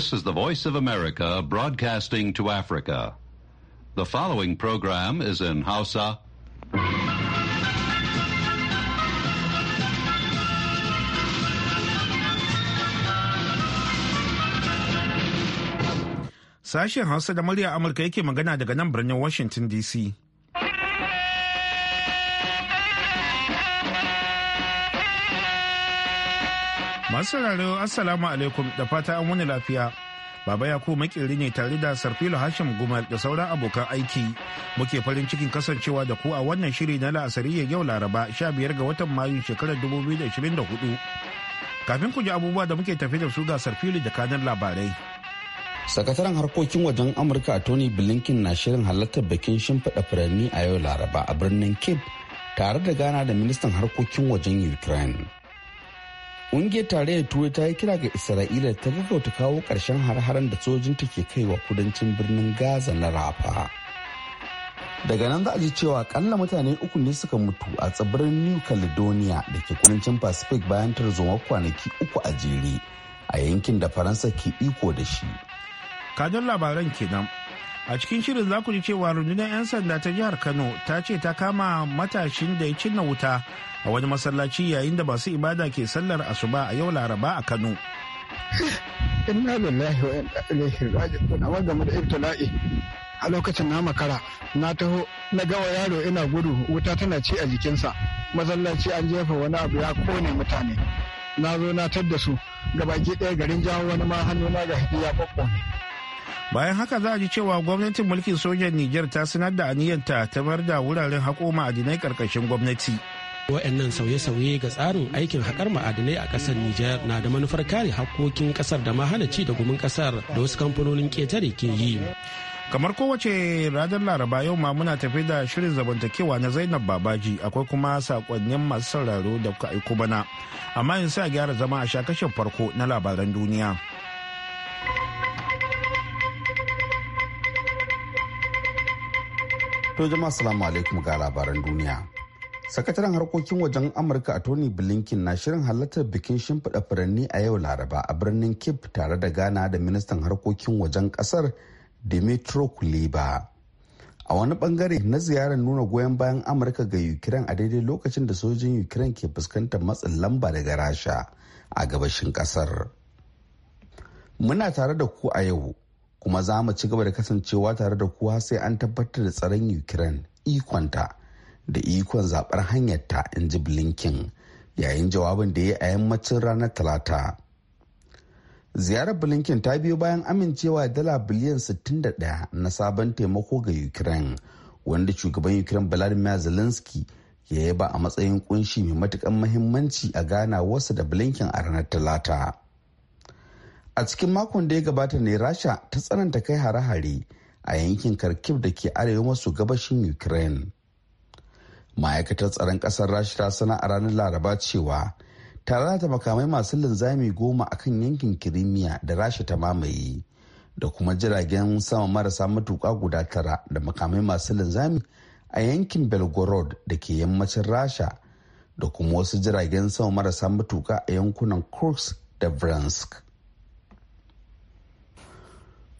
This is the Voice of America broadcasting to Africa. The following program is in Hausa. Sashen Hausa da murya Amurka yake magana daga nan birnin Washington DC. Masu sauraro Assalamu alaikum da fata an wani lafiya. Baba Yakubu makeri ne tare da Sarfilo Hashim Gumal da sauran abokan aiki. Muke farin cikin kasancewa da ku a wannan shiri na la'asari yau Laraba 15 ga watan Mayu shekarar 2024. Kafin ku ji abubuwa da muke tafi da su ga Sarfilo da kanan labarai. Sakataren harkokin wajen Amurka Tony Blinken na shirin halartar bikin shimfiɗa furanni a yau Laraba a birnin Cape tare da gana da ministan harkokin wajen Ukraine. ƙungiyar tarayyar turai ta yi kira ga isra'ila ta gaggauta kawo ƙarshen har-haren da sojinta ke kai wa kudancin birnin gaza na rafa daga nan za a ji cewa kalla mutane uku ne suka mutu a tsibirin new caledonia da ke kudancin pacific bayan tarzoma kwanaki uku a jere a yankin da faransa ke iko da shi kanun labaran kenan a cikin shirin za ku ji cewa rundunar 'yan sanda ta jihar kano ta ce ta kama matashin da ya cinna wuta a wani masallaci yayin da masu ibada ke sallar asuba a yau laraba a kano inna lillahi wa inna ilaihi raji'un amma game da ibtila'i a lokacin na makara na taho na gawa yaro ina gudu wuta tana ci a jikinsa masallaci an jefa wani abu ya kone mutane na zo na tar da su gabaki ɗaya garin jawo wani ma hannu na ga ya ne. bayan haka za a ji cewa gwamnatin mulkin sojan niger ta sanar da aniyanta ta bar da wuraren a dinai ƙarƙashin gwamnati. Waɗannan sauye-sauye ga tsarin aikin haƙar ma'adinai a ƙasar Nijar na da manufar kare hakkokin ƙasar da ma ci da gumin ƙasar da wasu kamfanonin ƙetare ke yi. Kamar kowace ranar Laraba yau ma muna tafi da shirin zamantakewa na Zainab Babaji akwai kuma sakonnin masu sauraro da kuka aiko bana. Amma in sa gyara zama a shakashin farko na labaran duniya. To jama'a salamu alaikum ga labaran duniya. sakataren harkokin wajen amurka a tony blinken na shirin halartar bikin shimfiɗa furanni a yau laraba a birnin cape tare da ghana da ministan harkokin wajen ƙasar dimitro kuleba a wani bangare na ziyarar nuna goyon bayan amurka ga ukraine a daidai lokacin da sojin ukraine ke fuskantar matsin lamba daga rasha a gabashin ƙasar muna tare da ku a yau kuma za mu ci gaba da kasancewa tare da ku sai an tabbatar da tsaron ukraine ikonta da ikon zaɓar hanyarta in ji blinken yayin jawabin da ya yi a yammacin ranar talata ziyarar blinken ta biyo bayan amincewa dala biliyan 61 na sabon taimako ga ukraine wanda shugaban ukraine vladimir zelensky ya ba a matsayin kunshi mai matukan mahimmanci a gana wasu da blinken a ranar talata a cikin makon da ya gabata ne rasha ta tsananta kai hare-hare a yankin kharkiv da ke arewa maso gabashin ukraine ma'aikatar tsaron ƙasar rasha ta sana a ranar laraba cewa tare da makamai masu linzami goma a kan yankin kirimiya da rasha ta mamaye da kuma jiragen sama marasa matuƙa guda tara da makamai masu linzami a yankin belgorod da ke yammacin rasha da kuma wasu jiragen sama marasa matuƙa a yankunan kursk da bransk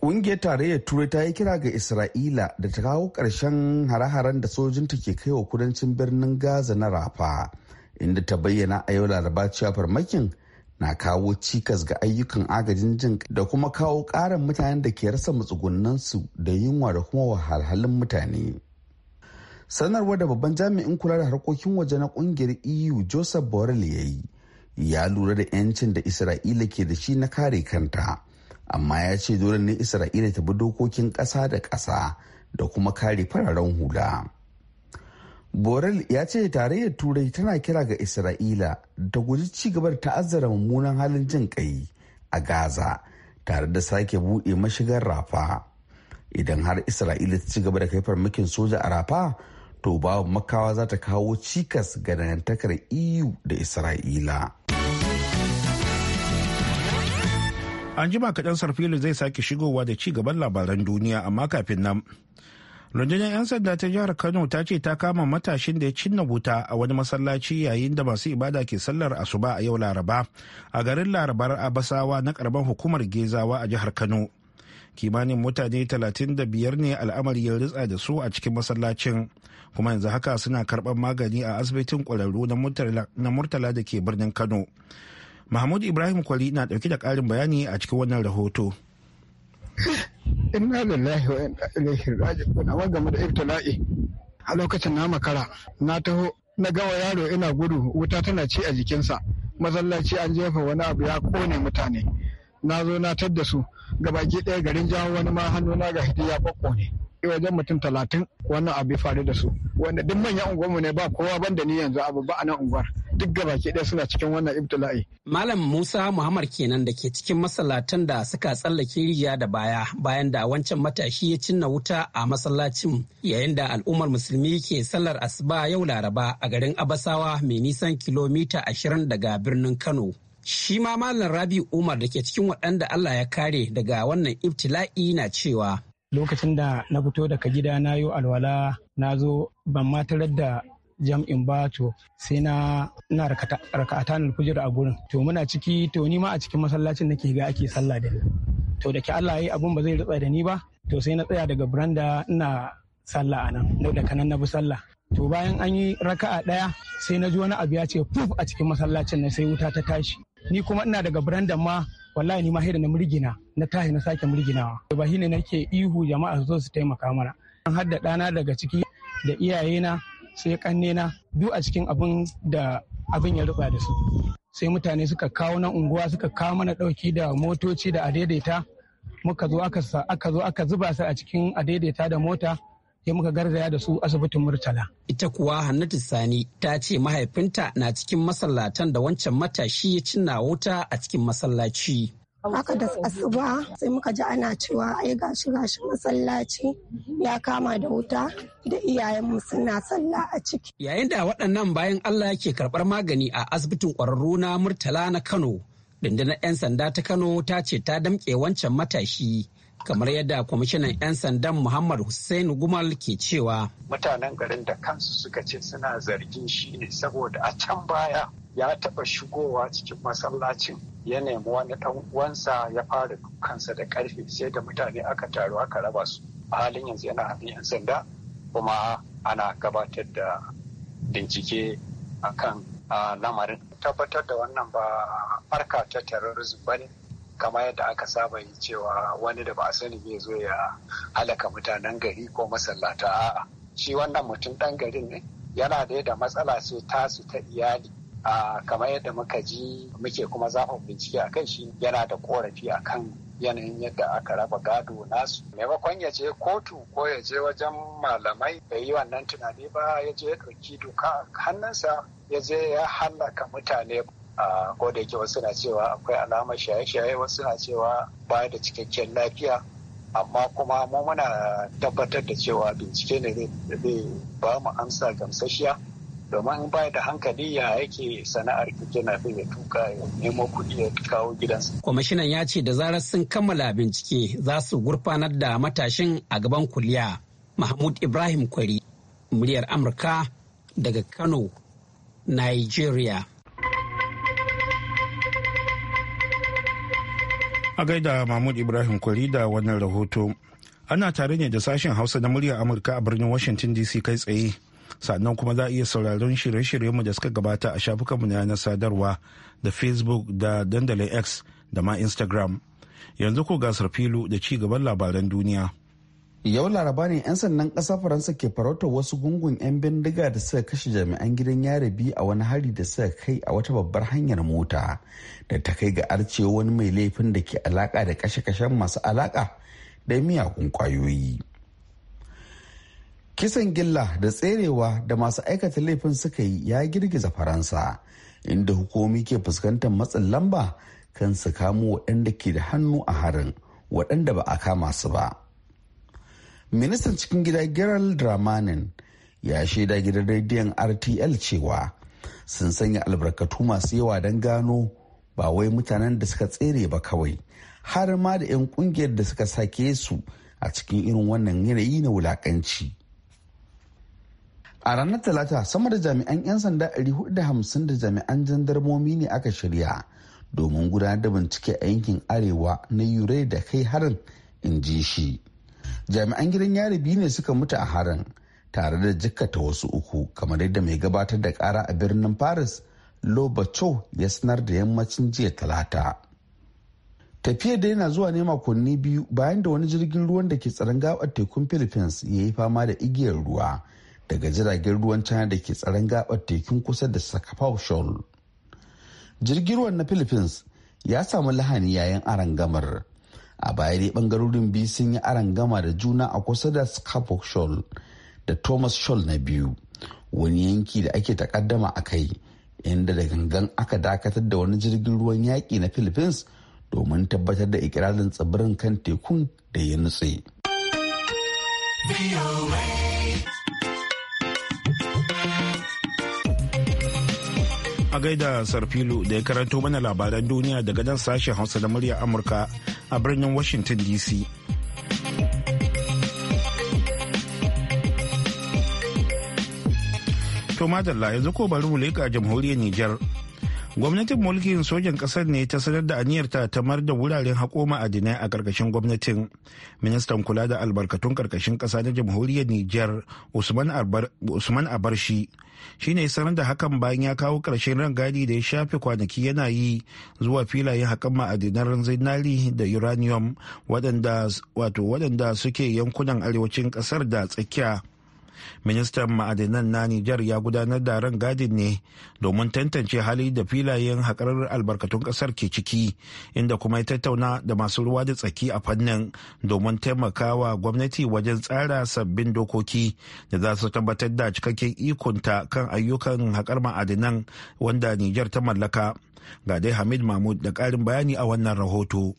Ƙungiyar tarayyar Turai ta yi kira ga Isra'ila da ta kawo ƙarshen hare-haren da sojinta ke kai wa kudancin birnin Gaza na Rafa, inda ta bayyana a yau laraba cewa farmakin na kawo cikas ga ayyukan agajin jin da kuma kawo ƙarin mutanen da ke rasa matsugunansu da yunwa da kuma wahalhalun mutane. Sanarwar da babban jami'in kula da harkokin waje na ƙungiyar EU Joseph Borrell ya yi, ya lura da 'yancin da Isra'ila ke da shi na kare kanta. amma ya ce dole ne isra'ila ta bi dokokin ƙasa da ƙasa da kuma kare fararen hula borel ya ce tarayyar turai tana kira ga isra'ila ta guji ci gaba da ta'azzara mummunan halin jin kai a gaza tare da sake buɗe mashigar rafa idan har isra'ila ta ci gaba da kai farmakin soja a rafa to babu makawa za ta kawo cikas ga dangantakar eu da isra'ila An jima kaɗan sarfilu zai sake shigowa da ci gaban labaran duniya amma kafin nan. Rundunar 'yan sanda ta jihar Kano ta ce ta kama matashin da ya cinna wuta a wani masallaci yayin da masu ibada ke sallar asuba a yau Laraba a garin Larabar Abasawa na karban hukumar Gezawa a jihar Kano. Kimanin mutane 35 ne al'amari ya ritsa da su a cikin masallacin kuma yanzu haka suna karɓar magani a asibitin ƙwararru na Murtala da ke birnin Kano. mahmud ibrahim kwali na dauke da karin bayani a cikin wannan rahoto inna lillahi wa inna ilaihi raji'un amma game da ibtila'i a lokacin na makara na taho na gawa yaro ina gudu wuta tana ci a jikinsa masallaci an jefa wani abu ya kone mutane na zo na tadda su gabaki ɗaya garin jawo wani ma hannuna na ga ya ne wajen mutum talatin wannan abu faru da su wanda duk manyan unguwarmu ne ba kowa ban da ni yanzu abu ba a nan unguwar duk gabaki ɗaya suna cikin wannan ibtila'i. Malam Musa Muhammad kenan da ke cikin masallatan da suka tsallake rijiya da baya bayan da wancan matashi ya cinna wuta a masallacin yayin da al'ummar musulmi ke sallar asuba yau laraba a garin Abasawa mai nisan kilomita ashirin daga birnin Kano. Shi ma Malam Rabi Umar da ke cikin waɗanda Allah ya kare daga wannan ibtila'i na cewa. Lokacin da na fito daga gida na yi alwala na zo ban ma tarar da jam'in ba to sai na na rakata na fujir a gurin to muna ciki to ni ma a cikin masallacin nake ga ake sallah da ni to da ke Allah ya yi abun ba zai rutsa da ni ba to sai na tsaya daga branda ina sallah anan da kanan na bi sallah to bayan an yi raka'a daya sai na ji wani abu ya ce puf a cikin masallacin nan sai wuta ta tashi ni kuma ina daga birandan ma wallahi ni ma hira na murgina na tahi na sake murginawa ba shine nake ihu jama'a su zo su taimaka mana an hadda ɗana daga ciki da iyayena sai kannena biyu a cikin abin da abin ya rufa da su sai mutane suka kawo na unguwa suka kawo mana dauki da motoci da adaidaita muka zo aka zo aka zuba su a cikin adaidaita da mota sai muka garzaya da su asibitin murtala ita kuwa hannatu sani ta ce mahaifinta na cikin masallatan da wancan matashi ya cinna wuta a cikin masallaci Aka da asuba sai muka ji ana cewa ai gashi gashi masallaci ya kama da wuta da iyayenmu suna sallah a ciki. Yayin da waɗannan bayan Allah yake karɓar magani a asibitin ƙwararru na Murtala na Kano, rundunar 'yan sanda ta Kano ta ce ta damƙe wancan matashi kamar yadda kwamishinan 'yan sandan Muhammad Hussein Gumal ke cewa. Mutanen garin da kansu suka ce suna zargin shi ne saboda a can baya ya taɓa shigowa cikin masallacin ya nemi wani ɗan uwansa ya fara dukansa da ƙarfe sai da mutane aka taru aka raba su a halin yanzu yana hannun 'yan sanda kuma ana gabatar da bincike kan lamarin tabbatar da wannan ba farka ta terrorism ba ne kamar yadda aka saba yi cewa wani da ba a sani bai zo ya halaka mutanen gari ko masallata a'a shi wannan mutum ɗan garin ne yana da da matsala sai tasu ta iyali a kamar yadda muka ji muke kuma zafa bincike a kai shi yana da korafi a kan yanayin yadda aka raba gado nasu maimakon ya je kotu ko ya je wajen malamai bai yi wannan tunani ba ya je ya ɗauki doka hannunsa ya je ya hallaka mutane a koda yake wasu na cewa akwai alamar shaye-shaye wasu na cewa ba da cikakken lafiya amma kuma mu muna tabbatar da cewa bincike ne zai ba mu amsa gamsashiya domin in baya da hankali ya yake sana'ar keke ya tuka ya nemo kuɗi ya kawo gidansa. kwamishinan ya ce da zarar sun kammala bincike za su gurfanar da matashin a gaban kuliya mahmud ibrahim kwari muryar amurka daga kano nigeria a gaida mahmud ibrahim kwari da wannan rahoto ana tare ne da sashen hausa na muryar amurka a birnin washington dc kai tsaye sannan kuma za a iya sauraron shirye mu da suka gabata a shafukanmu na yanar sadarwa da facebook da dandalin x da ma instagram yanzu ko gasar filu da ci gaban labaran duniya yau laraba ne 'yan sandan ƙasar faransa ke farautar wasu gungun 'yan bindiga da suka kashe jami'an gidan yari biyu a wani hari da suka kai a wata babbar hanyar mota da ta kai ga arce wani mai laifin da ke alaka da kashe-kashen masu alaka da miyagun kwayoyi kisan gilla da tserewa da masu aikata laifin suka yi ya girgiza faransa inda hukumomi ke fuskantar matsin lamba kan su kamo waɗanda ke da hannu a harin waɗanda ba a kama su ba ministan cikin gida gerald dramanin ya shaida gidan rediyon rtl cewa sun sanya albarkatu masu yawa don gano ba wai mutanen da suka tsere ba kawai har ma da 'yan kungiyar da suka sake su a cikin irin wannan yanayi na wulakanci a ranar talata sama da jami'an 'yan sanda 450 da jami'an jandarmomi ne aka shirya domin gudanar da bincike a yankin arewa na yurai da kai harin in ji shi jami'an gidan yari biyu ne suka mutu a harin tare da jikkata wasu uku kamar yadda mai gabatar da kara a birnin paris lobacho ya sanar da yammacin jiya talata tafiyar da yana zuwa ne makonni biyu bayan da wani jirgin ruwan da ke tsaron gawar tekun philippines ya yi fama da igiyar ruwa daga jiragen ruwan china da ke tsaron gabar tekun kusa da sakafau shoal jirgin ruwan na philippines ya samu lahani yayin arangamar a baya dai bangarorin biyu sun yi arangama da juna a kusa da scappock shoal da thomas shoal na biyu wani yanki da ake takaddama a kai inda da gangan aka dakatar da wani jirgin ruwan yaƙi na philippines domin tabbatar da ikirarin tsibirin kan tekun da ya nutse. a gaida sarfilo da ya karanto mana labaran duniya daga nan sashen hausa da murya amurka a birnin washington dc to madalla yanzu ko bari mu leƙa jamhuriyar nijar. gwamnatin mulkin sojan kasar ne ta sanar da aniyarta ta mar da wuraren haƙo ma'adinai a karkashin gwamnatin ministan kula da albarkatun ƙarƙashin ƙasa na jamhuriyar niger usman abarshi shi ne sanar da hakan bayan ya kawo ƙarshen rangadi da ya shafe kwanaki yana yi zuwa filayen haƙan ma'adinan zinari da uranium waɗanda suke yankunan arewacin ƙasar da tsakiya ministan ma'adinan na nijar ya gudanar da ran gadin ne domin tantance hali da filayen haƙar albarkatun ƙasar ke ciki inda kuma ya tattauna da masu ruwa da tsaki a fannin domin taimakawa gwamnati wajen tsara sabbin dokoki da za su tabbatar da cikakken ikonta kan ayyukan haƙar ma'adinan wanda nijar ta mallaka ga dai hamid mahmud da ƙarin bayani a wannan rahoto.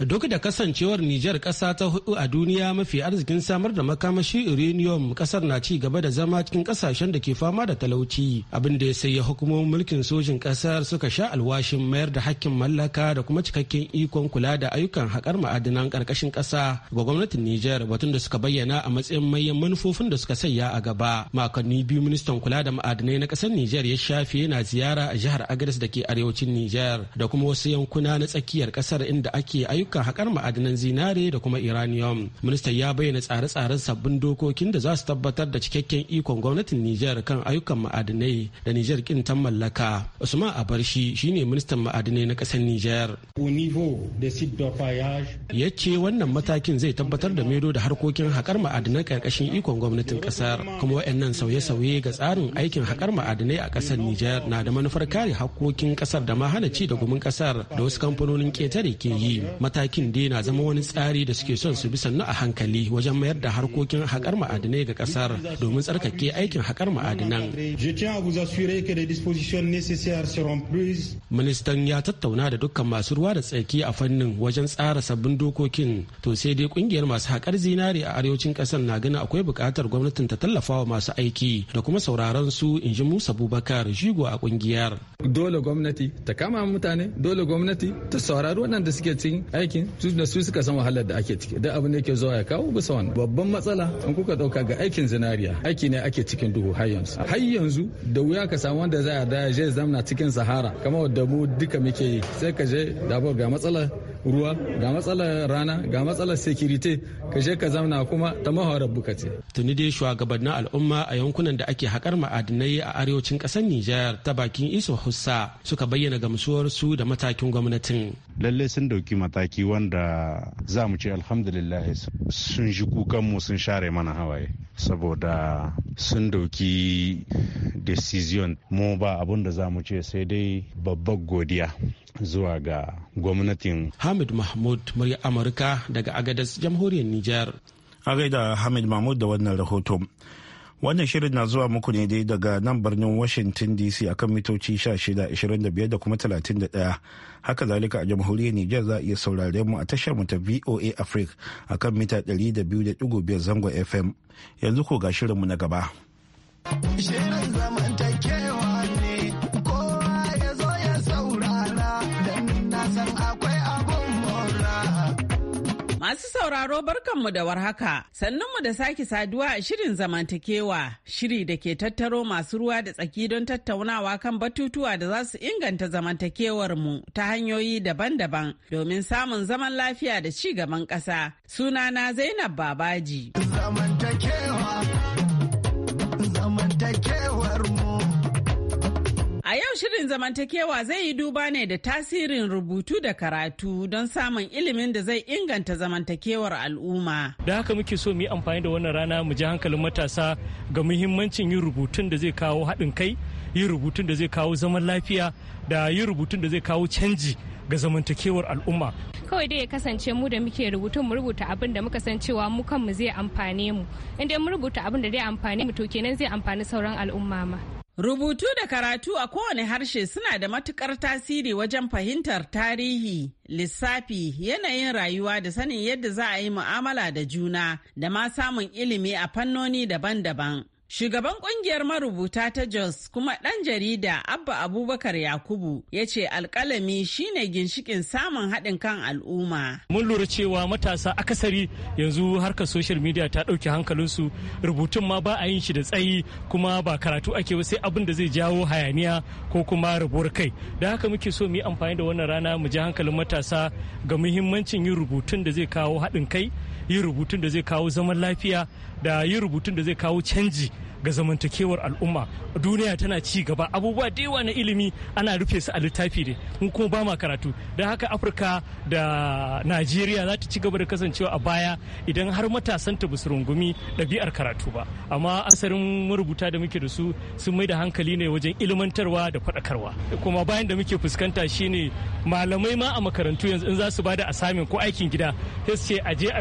duk da kasancewar Nijar kasa ta hudu a duniya mafi arzikin samar da makamashi uranium ƙasar na ci gaba da zama cikin kasashen da ke fama da talauci abin da ya sayi hukumomin mulkin sojin ƙasar suka sha alwashin mayar da hakkin mallaka da kuma cikakken ikon kula da ayyukan haƙar ma'adinan ƙarƙashin ƙasa ga gwamnatin Nijar batun da suka bayyana a matsayin manyan manufofin da suka sanya a gaba makonni biyu ministan kula da ma'adinai na ƙasar Nijar ya shafi yana ziyara a jihar Agadez da ke arewacin Nijar da kuma wasu yankuna na tsakiyar ƙasar inda ake ayyukan ayyukan hakar ma'adinan zinare da kuma iranium ministan ya bayyana tsare-tsaren sabbin dokokin da za su tabbatar da cikakken ikon gwamnatin niger kan ayyukan ma'adinai da niger kin ta mallaka usman abarshi shine ministan ma'adinai na kasar niger ya ce wannan matakin zai tabbatar da maido da harkokin hakar ma'adinai karkashin ikon gwamnatin ƙasar kuma waɗannan sauye-sauye ga tsarin aikin hakar ma'adinai a kasar niger na da manufar kare hakkokin ƙasar da ma hana ci da gumin kasar da wasu kamfanonin ketare ke yi matakin dai na zama wani tsari da suke son su bi sannu a hankali wajen mayar da harkokin haƙar ma'adinai ga ƙasar domin tsarkake aikin haƙar ma'adinan. Ministan ya tattauna da dukkan masu ruwa da tsaki a fannin wajen tsara sabbin dokokin to sai dai kungiyar masu haƙar zinari a arewacin ƙasar na gani akwai buƙatar gwamnatin ta tallafa wa masu aiki da kuma sauraron su in ji Musa Bubakar jigo a kungiyar. Dole gwamnati ta kama mutane, dole gwamnati ta saurari waɗanda suke cikin aikin da su suka san wahalar da ake ciki da abin da yake zuwa ya kawo bisa wannan babban matsala in kuka dauka ga aikin zinariya aiki ne ake cikin duhu har yanzu har yanzu da wuya ka samu wanda za a da ya zamna cikin sahara kamar wadda mu duka muke yi sai ka je da ga matsalar ruwa ga matsalar rana ga matsalar sekirite ka je ka zauna kuma ta mahawarar buka ce tuni dai shugabannin al'umma a yankunan da ake haƙar ma'adinai a arewacin ƙasar Nijar ta bakin Iso Hussa suka bayyana gamsuwar su da matakin gwamnatin Lallai sun dauki mataki wanda za mu ce alhamdulillah sun ji kukanmu sun share mana hawaye saboda sun dauki decision mu ba abun da za mu ce sai dai babbar godiya zuwa ga gwamnatin. Hamid Mahmud murya Amurka daga Agadas jamhuriyar Nijar. A gaida Hamid Mahmud da wannan rahoto. Wannan shirin na zuwa muku ne dai daga nan birnin Washington DC akan mitoci 16, 25 da kuma 31. Haka zalika a jamhuriyar Nijar za a iya saurare mu a tashar mu ta VOA Africa kan mita 200.5 zangon FM. Yanzu ko ga shirinmu na gaba. Shirin zamantake Masu sauraro barkanmu da warhaka, mu da sake saduwa a shirin zamantakewa, shiri da ke tattaro masu ruwa da tsaki don tattaunawa kan batutuwa da za su inganta mu ta hanyoyi daban-daban domin samun zaman lafiya da ci gaban ƙasa. Sunana Zainab Babaji. Zamantakewa, zamantakewarmu. A yau shirin zamantakewa zai yi duba ne da tasirin rubutu da karatu don samun ilimin da zai inganta zamantakewar al'umma. Da haka muke so mu yi amfani da wannan rana mu ji hankalin matasa ga muhimmancin yin rubutun da zai kawo haɗin kai, yin rubutun da zai kawo zaman lafiya da yin rubutun da zai kawo canji ga zamantakewar al'umma. Kawai dai ya kasance mu da muke rubutu mu rubuta abin da muka san cewa mu kanmu zai amfane mu. In dai mu rubuta abin da zai amfane mu to kenan zai amfani sauran al'umma ma. Rubutu da karatu a kowane harshe suna da matukar tasiri wajen fahimtar tarihi, lissafi, yanayin rayuwa da sanin yadda za a yi mu'amala da juna da ma samun ilimi a fannoni daban-daban. Shugaban kungiyar marubuta ta Jos kuma ɗan jarida Abba Abubakar Yakubu ya ce alkalami shine ginshikin samun haɗin kan al'umma. Mun lura cewa matasa akasari yanzu harkar social media ta ɗauki hankalinsu rubutun ma ba a yin shi da tsayi kuma ba karatu ake sai abin da zai jawo hayaniya ko kuma rabuwar kai. Da haka muke so mu yi amfani da wannan rana mu ji hankalin matasa ga muhimmancin yin rubutun da zai kawo haɗin kai Yin rubutun da zai kawo zaman lafiya da yin rubutun da zai kawo canji ga zamantakewar al'umma duniya tana ci gaba abubuwa da yawa na ilimi ana rufe su a littafi ne mun kuma ba ma karatu don haka afirka da najeriya za ta ci gaba da kasancewa a baya idan har matasan ta su rungumi ɗabi'ar karatu ba amma asarin marubuta da muke da su sun mai da hankali ne wajen ilmantarwa da faɗakarwa kuma bayan da muke fuskanta shine malamai ma a makarantu yanzu in za su ba da asamin ko aikin gida sai su ce a je a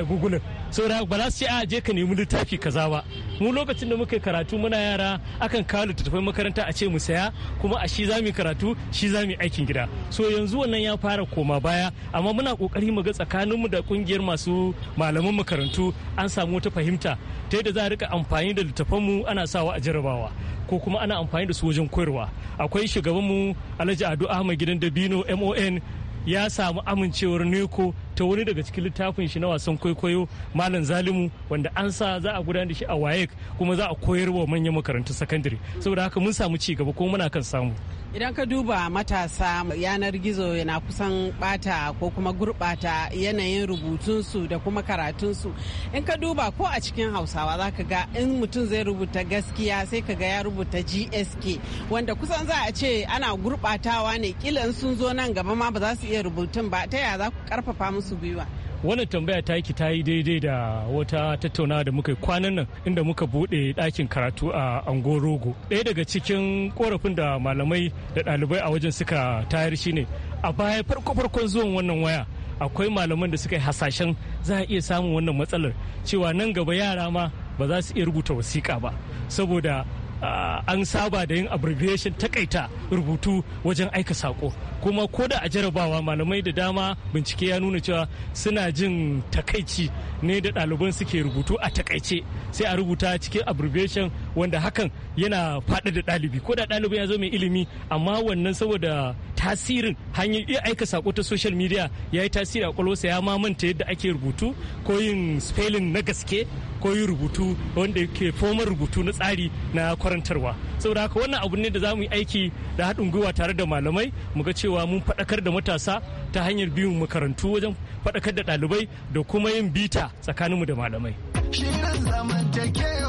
saboda ba za su a je ka nemi littafi kaza ba mu lokacin da muka karatu muna yara akan kawo littattafai makaranta a ce mu saya kuma a shi za mu karatu shi za mu aikin gida so yanzu wannan ya fara koma baya amma muna kokari mu ga mu da kungiyar masu malaman makarantu an samu wata fahimta ta yadda za a rika amfani da mu ana sawa a jarabawa ko kuma ana amfani da su wajen koyarwa akwai shugabanmu alhaji ado ahmad gidan dabino mon ya samu amincewar neko ta wani daga cikin littafin shi na wasan kwaikwayo malam zalimu wanda an sa za a gudanar da shi a wayek kuma za a koyar wa manyan makarantun sakandare saboda haka mun samu ci gaba kuma muna kan samu Idan ka duba matasa yanar gizo yana kusan bata ko kuma gurbata yanayin rubutunsu da kuma karatunsu. In ka duba ko a cikin Hausawa za ka ga in mutum zai rubuta gaskiya sai ka ga ya rubuta GSK wanda kusan za a ce ana gurbatawa ne kila sun zo nan gaba ma ba za su iya rubutun ba ta ya za ku karfafa musu gwiwa. wannan tambaya ta yi ta yi daidai da wata tattaunawa da muka yi kwanan nan inda muka bude ɗakin karatu a angorogo ɗaya daga cikin korafin da malamai da ɗalibai a wajen suka tayar shine a baya farko-farkon zuwan wannan waya akwai malaman da suka yi hasashen za a iya samun wannan matsalar cewa nan gaba yara ma ba za su iya rubuta wasiƙa ba saboda Ah, an saba da yin abbreviation takaita rubutu wajen aika sako kuma ko da a jarabawa malamai da dama bincike ya nuna cewa suna jin takaici ne da ɗaliban suke rubutu a takaice sai a rubuta cikin abbreviation wanda hakan yana faɗa da ɗalibi ko da ɗalibin ya zo mai ilimi amma wannan saboda tasirin hanyar iya aika sako ta social media ya yi tasiri a kwalwarsa ya mamanta yadda ake rubutu ko yin spelling na gaske akwai rubutu wanda ke fomar rubutu na tsari na kwarantarwa saboda haka wannan abu ne da za mu yi aiki da haɗin gwiwa tare da malamai mu cewa mun faɗakar da matasa ta hanyar biyun makarantu wajen faɗakar da ɗalibai da kuma yin bita tsakaninmu da malamai. Shirin zamantakewa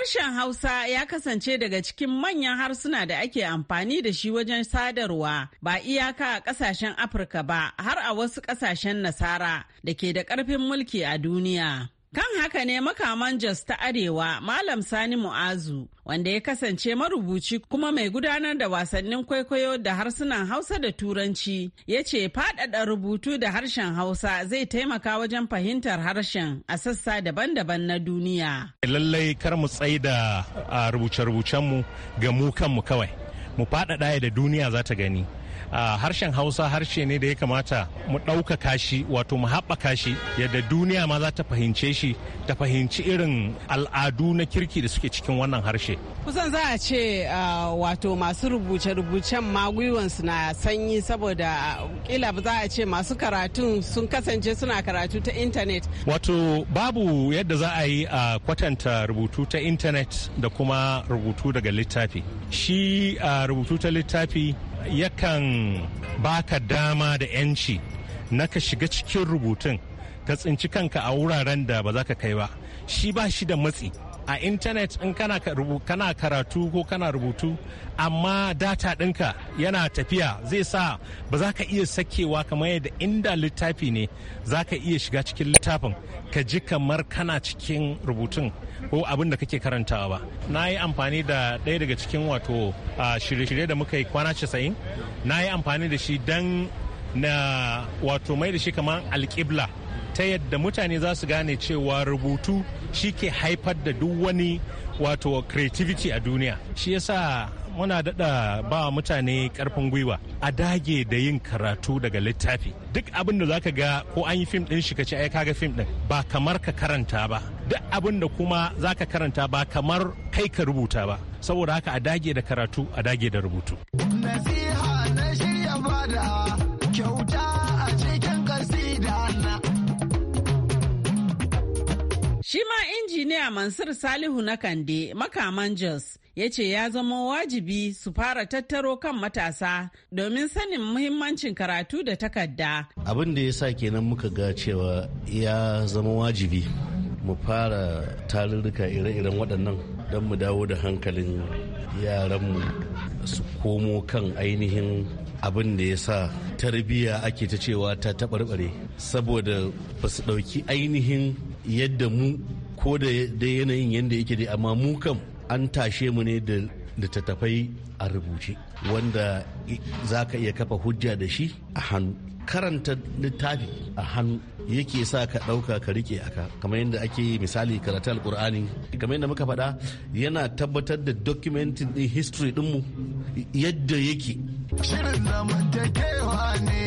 Harshen Hausa ya kasance daga cikin manyan harsuna da ake amfani da shi wajen sadarwa ba iyaka a ƙasashen Afirka ba har a wasu ƙasashen Nasara da ke da ƙarfin mulki a duniya. Kan haka ne makaman Jos ta Arewa Malam Sani Mu'azu wanda ya kasance marubuci kuma mai gudanar da wasannin kwaikwayo da harsunan Hausa da Turanci ya ce faɗaɗa rubutu da harshen Hausa zai taimaka wajen fahimtar harshen a sassa daban-daban na duniya. Lallai kar mu da rubuce-rubucenmu ga mu kanmu kawai. Mu faɗaɗa da duniya za ta gani. harshen hausa harshe ne da ya kamata mu ɗaukaka shi wato mu haɓaka shi yadda duniya ma za ta fahimce shi ta fahimci irin al'adu na kirki da suke cikin wannan harshe kusan za a ce wato masu rubuce-rubucen ma gwiwansu na sanyi saboda kila za a ce masu karatun sun kasance suna karatu ta intanet wato babu yadda za a yi a kwatanta rubutu ta intanet da kuma rubutu daga littafi shi rubutu ta littafi yakan baka dama da 'yanci na ka shiga cikin rubutun ka tsinci kanka a wuraren da ba za ka kai ba shi ba shi da matsi a intanet in kana kana karatu ko kana rubutu amma data ɗinka yana tafiya zai sa ba za ka iya sakewa kamar yadda inda littafi ne za ka iya shiga cikin littafin ka ji kamar kana cikin rubutun ko abin da kake karantawa ba na yi amfani da ɗaya daga cikin wato shirye-shirye da muka yi kwana casain na yi amfani da shi don na wato mai da shi kamar alƙibla ta yadda mutane za su gane cewa rubutu shi ke haifar da duk wani wato creativity a duniya shi yasa muna daɗa ba mutane karfin gwiwa a dage da yin karatu daga littafi duk abin da ka ga ko an yi fim ɗin shi ka ci ai kaga fim ɗin ba kamar ka karanta ba duk abin da kuma zaka karanta ba kamar kai ka rubuta ba saboda haka a dage da karatu a dage da rubutu shi ma injiniya mansur salihu na kande makaman jos ya ce ya zama wajibi su fara tattaro kan matasa domin sanin muhimmancin karatu da takarda. Abin da ya sa kenan muka ga cewa ya zama wajibi mu fara tarurruka ire-iren waɗannan don mu dawo da hankalin yaranmu su komo kan ainihin abin da ya sa tarbiyya ake ta cewa ta taɓarɓare saboda ba su ɗauki ainihin yadda mu ko da yanayin yadda yake dai amma mu kam an tashe mu ne da tattafai a rubuce wanda za ka iya kafa hujja da shi a hannu karanta littafi a hannu yake sa ka ɗauka ka rike aka kamar yadda ake misali karatu Alƙur'ani kamar yadda muka faɗa yana tabbatar da documentin din history dinmu yadda yake shirin zamantakewa ne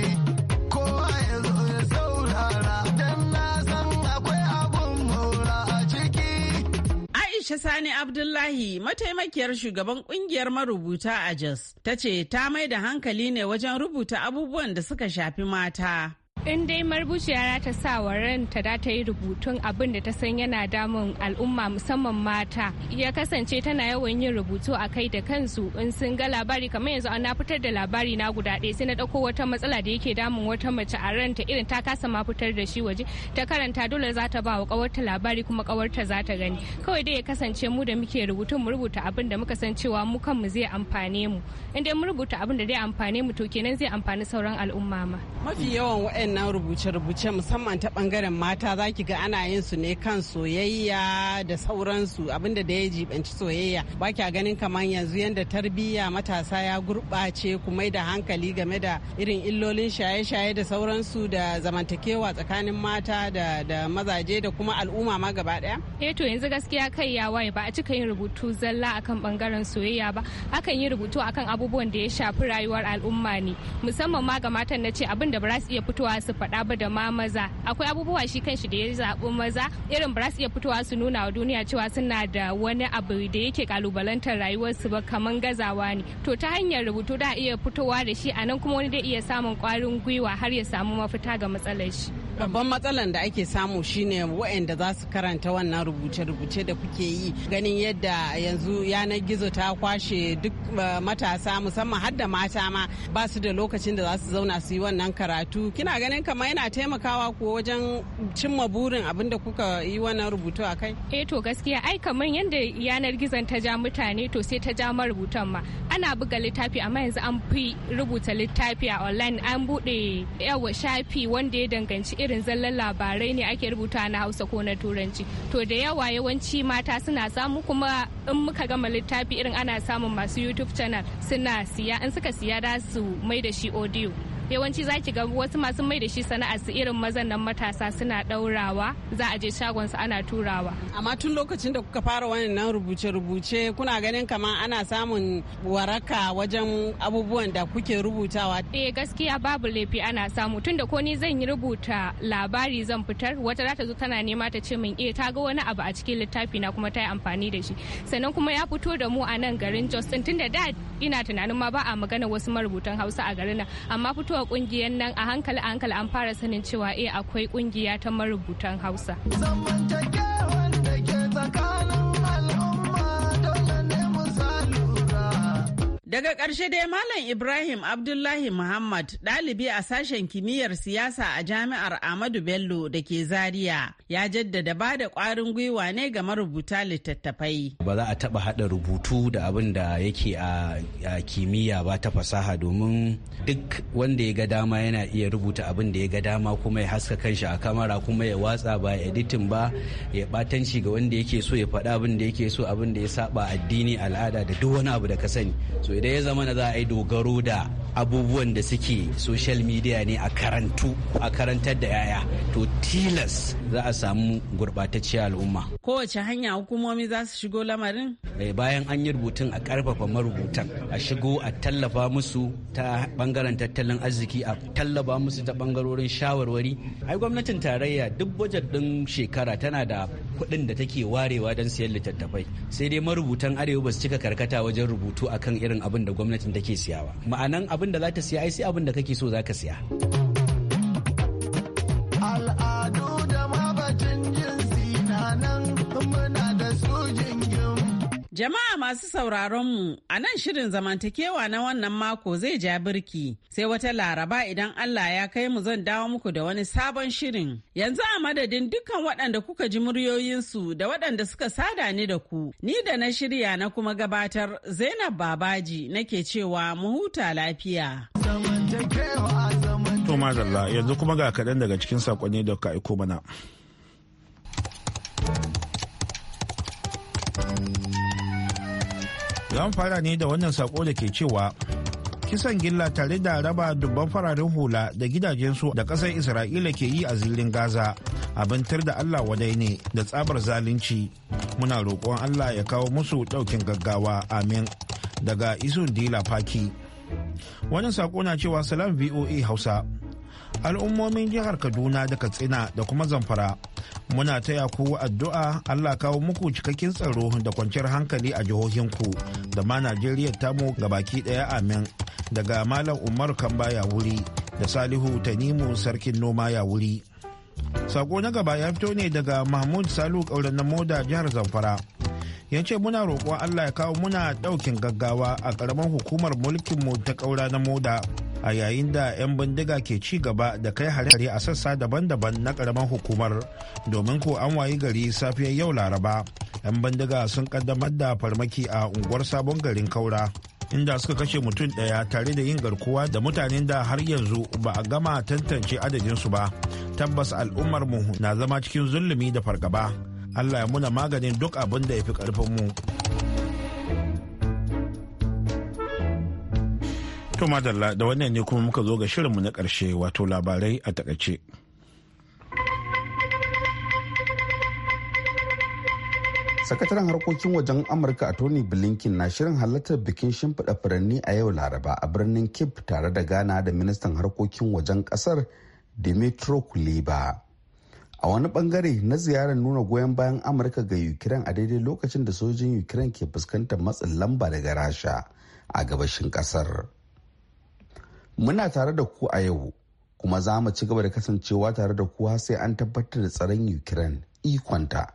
Aisha Sani Abdullahi mataimakiyar shugaban kungiyar marubuta a Jos ta ce ta mai da hankali ne wajen rubuta abubuwan da suka shafi mata. in dai marubuciya ta sa wa ranta da ta yi rubutun abin da ta san yana damun al'umma musamman mata ya kasance tana yawan yin rubutu a kai da kansu in sun ga labari kamar yanzu na fitar da labari na guda ɗaya sai na ɗauko wata matsala da yake damun wata mace a ranta irin ta kasa ma fitar da shi waje ta karanta dole za ta ba wa kawarta labari kuma kawarta za ta gani kawai dai ya kasance mu da muke rubutun mu rubuta abin da muka san cewa mu kanmu zai amfane mu in dai mu rubuta abin da zai amfane mu to kenan zai amfani sauran al'umma ma mafi yawan na rubuce-rubuce musamman ta bangaren mata za ki ga ana yin su ne kan soyayya da sauransu abinda da ya jibanci soyayya ba kya ganin kamar yanzu yadda tarbiyya matasa ya gurɓace kuma da hankali game da irin illolin shaye-shaye da sauransu da zamantakewa tsakanin mata da, da mazaje da kuma al'umma ma gaba ɗaya. eh to yanzu gaskiya kai ya waye ba a cika yin rubutu zalla akan bangaren soyayya ba akan yi rubutu akan abubuwan da ya shafi rayuwar al'umma ne musamman ma ga matan na ce abin da ba za su iya fitowa su faɗa ba da ma maza akwai abubuwa shi kanshi da ya zaɓi maza irin ba za su iya fitowa su nuna wa duniya cewa suna da wani abu da yake kalubalantar rayuwarsu ba kamar gazawa ne to ta hanyar rubutu da iya fitowa da shi a nan kuma wani da iya samun kwarin gwiwa har ya samu mafita ga matsalar shi Babban matsalar da ake samu shine waɗanda za su karanta wannan rubuce-rubuce da kuke yi ganin yadda yanzu yanar gizo ta kwashe duk eh, matasa musamman har da mata ma ba su da lokacin da za su zauna su yi wannan karatu. Kina ganin kamar yana taimakawa ku wajen cimma burin abin da kuka yi wannan rubutu a kai? Eh to gaskiya ai kamar yadda yanar gizon ta ja mutane to sai ta ja marubutan ma. Ana buga littafi amma yanzu an fi rubuta littafi a online an buɗe yawa shafi wanda ya danganci irin zallan labarai ne ake rubuta na hausa ko na turanci to da yawa yawanci mata suna samu kuma in muka gama littafi irin ana samun masu youtube channel suna siya in suka siya da su mai da shi audio yawanci za ki ga wasu masu mai da shi sana'a su irin mazan nan matasa suna daurawa za a je shagon su ana turawa amma tun lokacin da kuka fara wannan rubuce rubuce kuna ganin kamar ana samun waraka wajen abubuwan da kuke rubutawa eh gaskiya babu laifi ana samu tunda ko ni zan yi rubuta labari zan fitar wata za ta zo tana nema ta ce min eh ta ga wani abu a cikin littafi na kuma ta yi amfani da shi sannan kuma ya fito da mu a nan garin Jos tunda da ina tunanin ma ba a magana wasu marubutan Hausa a garin nan amma fito. kungiyar nan a hankali a hankali an fara sanin cewa eh akwai kungiya ta marubutan hausa Daga ƙarshe dai Malam Ibrahim Abdullahi Muhammad ɗalibi a sashen kimiyyar siyasa a jami'ar Ahmadu Bello da ke Zaria ya jaddada ba da ƙwarin gwiwa ne ga marubuta littattafai. Ba za a taɓa haɗa rubutu da abin da yake a kimiyya ba ta fasaha domin duk wanda ya ga dama yana iya rubuta abin da ya ga dama kuma ya haska kanshi a kamara kuma ya watsa ba ya editin ba ya ɓatanci ga wanda yake so ya faɗa abin da yake so abin da ya saba addini al'ada da duk wani abu da ka sani. da ya zama na za a yi dogaro da abubuwan da suke social media ne a karantu a karantar da yaya to tilas za a samu gurɓatacciyar al'umma kowace hanya hukumomi za su shigo lamarin eh, bayan an yi rubutun a karfafa marubutan a shigo a tallafa musu ta bangaren tattalin arziki a tallafa musu ta bangarorin shawarwari ai gwamnatin tarayya duk bajet ɗin shekara tana da kuɗin da take warewa don siyan littattafai sai dai marubutan arewa ba su cika karkata wajen rubutu akan irin abin da gwamnatin take siyawa ma'anan abin abin da za ta siya ai sai abin da kake so za ka siya. Al'adu Jama'a masu sauraronmu a nan shirin zamantakewa na wannan mako zai ja birki sai wata laraba idan Allah ya kai mu zan dawo muku da wani sabon shirin. Yanzu a madadin dukkan waɗanda kuka ji muryoyinsu da waɗanda suka sada ni da ku, ni da na shirya na kuma gabatar Zainab Babaji nake cewa mu huta lafiya. To mazalla yanzu kuma ga kaɗan daga cikin saƙonni da ka aiko mana. Za fara ne da wannan sako da ke cewa kisan gilla tare da raba dubban fararen hula da gidajensu da ƙasar Isra'ila ke yi a zirin Gaza abin tar da Allah wadai ne da tsabar zalunci. Muna roƙon Allah ya kawo musu ɗaukin gaggawa amin daga Isun Dila Faki. Wannan sako na cewa salam VOA Hausa. al'ummomin jihar kaduna da katsina da kuma zamfara muna taya ku addu'a allah kawo muku cikakken tsaro da kwanciyar hankali a jihohinku da ma najeriya tamu baki daya amin daga malam umar kamba ya wuri da salihu tanimu sarkin noma ya wuri sako na gaba ya fito ne daga mahmud salu kauren na moda jihar zamfara ya ce muna roƙon allah ya kawo muna ɗaukin gaggawa a ƙaramin hukumar mulkinmu ta ƙaura na moda a yayin da 'yan bindiga ke ci gaba da kai hare-hare a sassa daban-daban na karamar hukumar domin ko an wayi gari safiyar yau laraba 'yan bindiga sun kaddamar da farmaki a unguwar sabon garin kaura inda suka kashe mutum ɗaya tare da yin garkuwa da mutanen da har yanzu ba a gama tantance adadinsu ba tabbas al'ummar mu na zama cikin zulumi da fargaba allah ya muna maganin duk abin da ya fi mu To madalla da wannan ne kuma muka zo ga shirinmu na karshe wato labarai a takaice. sakataren harkokin wajen amurka a tony blinken na shirin halartar bikin shimfiɗa furanni a yau laraba a birnin cape tare da ghana da ministan harkokin wajen ƙasar dimitro kuleba a wani bangare na ziyarar nuna goyon bayan amurka ga ukraine a daidai lokacin da sojin ukraine ke fuskantar matsin lamba daga rasha a gabashin ƙasar. Muna tare da ku a yau, kuma za mu ci gaba da kasancewa tare da ku har sai an tabbatar da tsaron Ukraine ikonta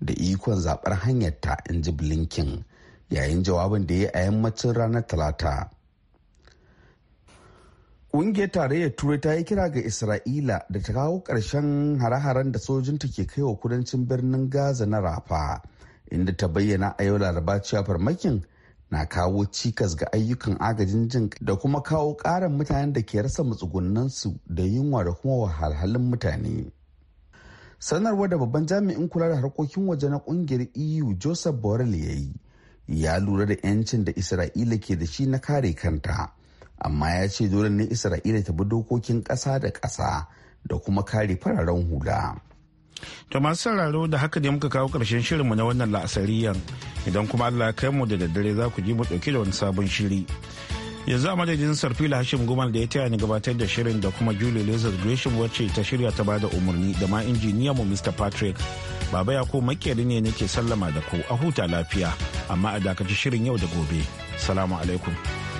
da ikon zaɓar hanyarta in ji Blinken yayin jawabin da ya yi a yammacin ranar Talata. Ƙungiyar tarayyar Turai ta yi kira ga Isra'ila da ta kawo ƙarshen hare-haren da sojinta ke kai wa kudancin birnin Gaza na Rafa, inda ta bayyana a yau larabaciya farmakin na kawo cikas ga ayyukan agajin jin da kuma kawo ƙarin mutanen da ke rasa matsugunansu da yunwa da kuma wahalhalun mutane. sanarwa da babban jami'in kula da harkokin waje na kungiyar eu joseph borrell ya yi ya lura da 'yancin da isra'ila ke da shi na kare kanta amma ya ce dole ne isra'ila ta bi dokokin ƙasa da ƙasa da kuma kare fararen hula To masu sauraro da haka ne muka kawo ƙarshen shirinmu na wannan la'asariyan idan kuma Allah kai mu da daddare za ku ji mu ɗauki da wani sabon shiri. Yanzu a madadin Sarfila Hashim Gumal da ya taya ni gabatar da shirin da kuma Julie Lazar Gresham wacce ta shirya ta bada umarni da ma injiniya mu Mr. Patrick. Baba ya ko makeri ne nake sallama da ku a huta lafiya amma a dakaci shirin yau da gobe. Salamu alaikum.